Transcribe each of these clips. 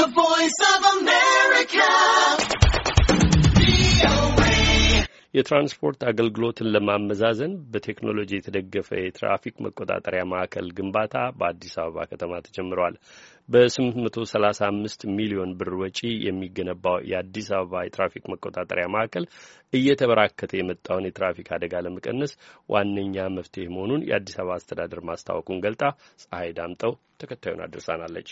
The Voice of America. የትራንስፖርት አገልግሎትን ለማመዛዘን በቴክኖሎጂ የተደገፈ የትራፊክ መቆጣጠሪያ ማዕከል ግንባታ በአዲስ አበባ ከተማ ተጀምረዋል። በ835 ሚሊዮን ብር ወጪ የሚገነባው የአዲስ አበባ የትራፊክ መቆጣጠሪያ ማዕከል እየተበራከተ የመጣውን የትራፊክ አደጋ ለመቀነስ ዋነኛ መፍትሄ መሆኑን የአዲስ አበባ አስተዳደር ማስታወቁን ገልጣ ፀሐይ ዳምጠው ተከታዩን አድርሳናለች።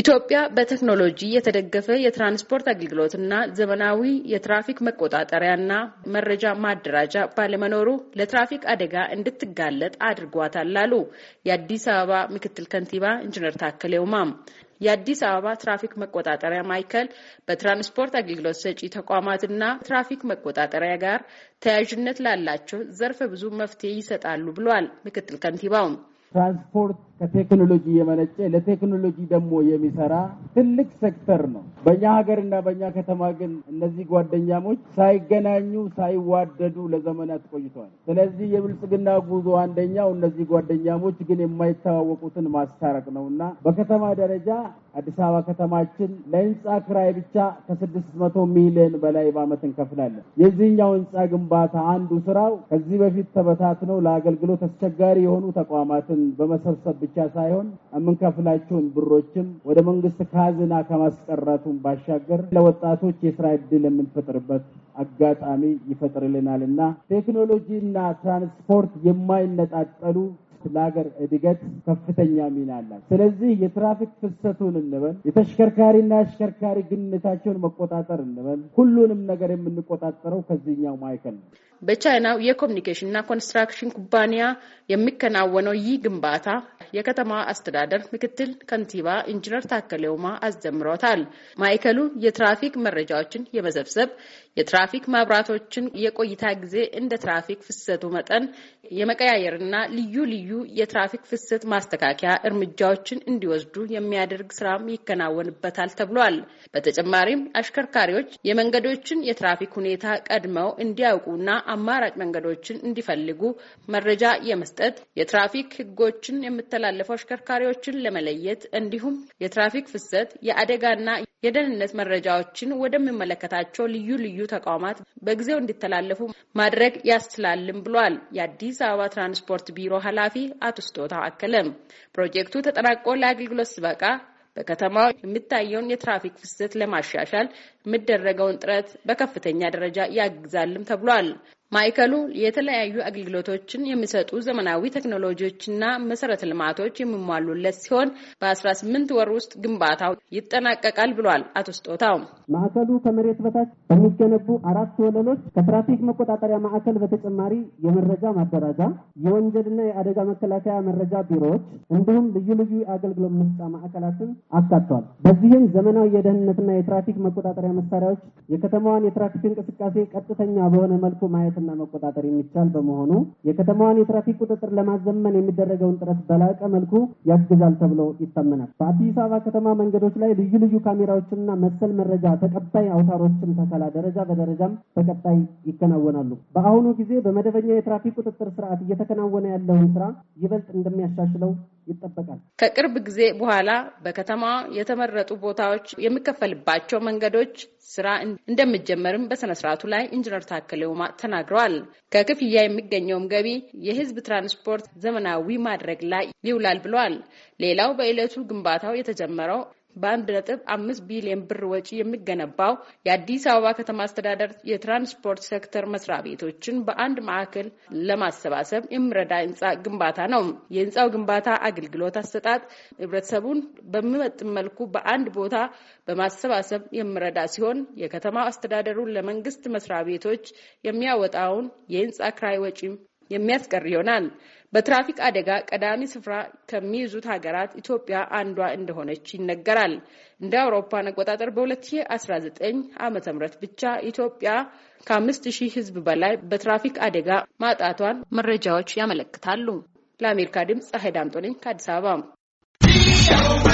ኢትዮጵያ በቴክኖሎጂ የተደገፈ የትራንስፖርት አገልግሎትና ዘመናዊ የትራፊክ መቆጣጠሪያና መረጃ ማደራጃ ባለመኖሩ ለትራፊክ አደጋ እንድትጋለጥ አድርጓታል አሉ የአዲስ አበባ ምክትል ከንቲባ ኢንጂነር ታከለ ኡማም። የአዲስ አበባ ትራፊክ መቆጣጠሪያ ማዕከል በትራንስፖርት አገልግሎት ሰጪ ተቋማትና ትራፊክ መቆጣጠሪያ ጋር ተያያዥነት ላላቸው ዘርፈ ብዙ መፍትሄ ይሰጣሉ ብሏል ምክትል ከንቲባውም ትራንስፖርት ከቴክኖሎጂ የመነጨ ለቴክኖሎጂ ደግሞ የሚሰራ ትልቅ ሴክተር ነው። በእኛ ሀገርና በእኛ ከተማ ግን እነዚህ ጓደኛሞች ሳይገናኙ ሳይዋደዱ ለዘመናት ቆይተዋል። ስለዚህ የብልጽግና ጉዞ አንደኛው እነዚህ ጓደኛሞች ግን የማይተዋወቁትን ማስታረቅ ነው እና በከተማ ደረጃ አዲስ አበባ ከተማችን ለህንፃ ክራይ ብቻ ከስድስት መቶ ሚሊዮን በላይ በዓመት እንከፍላለን። የዚህኛው ህንፃ ግንባታ አንዱ ስራው ከዚህ በፊት ተበታትነው ለአገልግሎት አስቸጋሪ የሆኑ ተቋማትን በመሰብሰብ ብቻ ሳይሆን የምንከፍላቸውን ብሮችም ወደ መንግስት ካዝና ከማስቀረቱን ባሻገር ለወጣቶች የስራ እድል የምንፈጥርበት አጋጣሚ ይፈጥርልናል እና ቴክኖሎጂና ትራንስፖርት የማይነጣጠሉ ለሀገር እድገት ከፍተኛ ሚና አላት። ስለዚህ የትራፊክ ፍሰቱን እንበል፣ የተሽከርካሪና አሽከርካሪ ግንኙነታቸውን መቆጣጠር እንበል፣ ሁሉንም ነገር የምንቆጣጠረው ከዚህኛው ማዕከል ነው። በቻይናው የኮሚኒኬሽንና ኮንስትራክሽን ኩባንያ የሚከናወነው ይህ ግንባታ የከተማ አስተዳደር ምክትል ከንቲባ ኢንጂነር ታከለ ኡማ አስጀምሮታል። ማዕከሉ የትራፊክ መረጃዎችን የመሰብሰብ የትራፊክ መብራቶችን የቆይታ ጊዜ እንደ ትራፊክ ፍሰቱ መጠን የመቀያየርና ልዩ ልዩ የትራፊክ ፍሰት ማስተካከያ እርምጃዎችን እንዲወስዱ የሚያደርግ ስራም ይከናወንበታል ተብሏል። በተጨማሪም አሽከርካሪዎች የመንገዶችን የትራፊክ ሁኔታ ቀድመው እንዲያውቁና አማራጭ መንገዶችን እንዲፈልጉ መረጃ የመስጠት የትራፊክ ህጎችን የምተላለፉ አሽከርካሪዎችን ለመለየት እንዲሁም የትራፊክ ፍሰት የአደጋና የደህንነት መረጃዎችን ወደሚመለከታቸው ልዩ ልዩ ተቋማት በጊዜው እንዲተላለፉ ማድረግ ያስችላልም ብሏል። የአዲስ አበባ ትራንስፖርት ቢሮ ኃላፊ አቶ ስጦታ አከለም ፕሮጀክቱ ተጠናቆ ለአገልግሎት ሲበቃ በከተማው የሚታየውን የትራፊክ ፍሰት ለማሻሻል የሚደረገውን ጥረት በከፍተኛ ደረጃ ያግዛልም ተብሏል። ማዕከሉ የተለያዩ አገልግሎቶችን የሚሰጡ ዘመናዊ ቴክኖሎጂዎችና መሰረተ ልማቶች የሚሟሉለት ሲሆን በ18 ወር ውስጥ ግንባታው ይጠናቀቃል ብሏል አቶ ስጦታው። ማዕከሉ ከመሬት በታች በሚገነቡ አራት ወለሎች ከትራፊክ መቆጣጠሪያ ማዕከል በተጨማሪ የመረጃ ማደራጃ፣ የወንጀልና የአደጋ መከላከያ መረጃ ቢሮዎች እንዲሁም ልዩ ልዩ የአገልግሎት መስጫ ማዕከላትን አካቷል። በዚህም ዘመናዊ የደህንነትና የትራፊክ መቆጣጠሪያ መሳሪያዎች የከተማዋን የትራፊክ እንቅስቃሴ ቀጥተኛ በሆነ መልኩ ማየት መለካትና መቆጣጠር የሚቻል በመሆኑ የከተማዋን የትራፊክ ቁጥጥር ለማዘመን የሚደረገውን ጥረት በላቀ መልኩ ያግዛል ተብሎ ይታመናል። በአዲስ አበባ ከተማ መንገዶች ላይ ልዩ ልዩ ካሜራዎችንና መሰል መረጃ ተቀባይ አውታሮችን ተከላ ደረጃ በደረጃም በቀጣይ ይከናወናሉ። በአሁኑ ጊዜ በመደበኛ የትራፊክ ቁጥጥር ስርዓት እየተከናወነ ያለውን ስራ ይበልጥ እንደሚያሻሽለው ይጠበቃል። ከቅርብ ጊዜ በኋላ በከተማ የተመረጡ ቦታዎች የሚከፈልባቸው መንገዶች ስራ እንደሚጀመርም በስነስርዓቱ ላይ ኢንጂነር ታከለ ውማ ተናግረዋል። ከክፍያ የሚገኘውም ገቢ የህዝብ ትራንስፖርት ዘመናዊ ማድረግ ላይ ይውላል ብለዋል። ሌላው በዕለቱ ግንባታው የተጀመረው በአንድ ነጥብ አምስት ቢሊዮን ብር ወጪ የሚገነባው የአዲስ አበባ ከተማ አስተዳደር የትራንስፖርት ሴክተር መስሪያ ቤቶችን በአንድ ማዕከል ለማሰባሰብ የሚረዳ ህንፃ ግንባታ ነው። የህንፃው ግንባታ አገልግሎት አሰጣጥ ህብረተሰቡን በሚመጥን መልኩ በአንድ ቦታ በማሰባሰብ የሚረዳ ሲሆን የከተማ አስተዳደሩን ለመንግስት መስሪያ ቤቶች የሚያወጣውን የህንፃ ክራይ ወጪም የሚያስቀር ይሆናል። በትራፊክ አደጋ ቀዳሚ ስፍራ ከሚይዙት ሀገራት ኢትዮጵያ አንዷ እንደሆነች ይነገራል። እንደ አውሮፓን አቆጣጠር በ2019 ዓ ም ብቻ ኢትዮጵያ ከ 5000 ህዝብ በላይ በትራፊክ አደጋ ማጣቷን መረጃዎች ያመለክታሉ። ለአሜሪካ ድምፅ ፀሐይ ዳምጦ ነኝ ከአዲስ አበባ።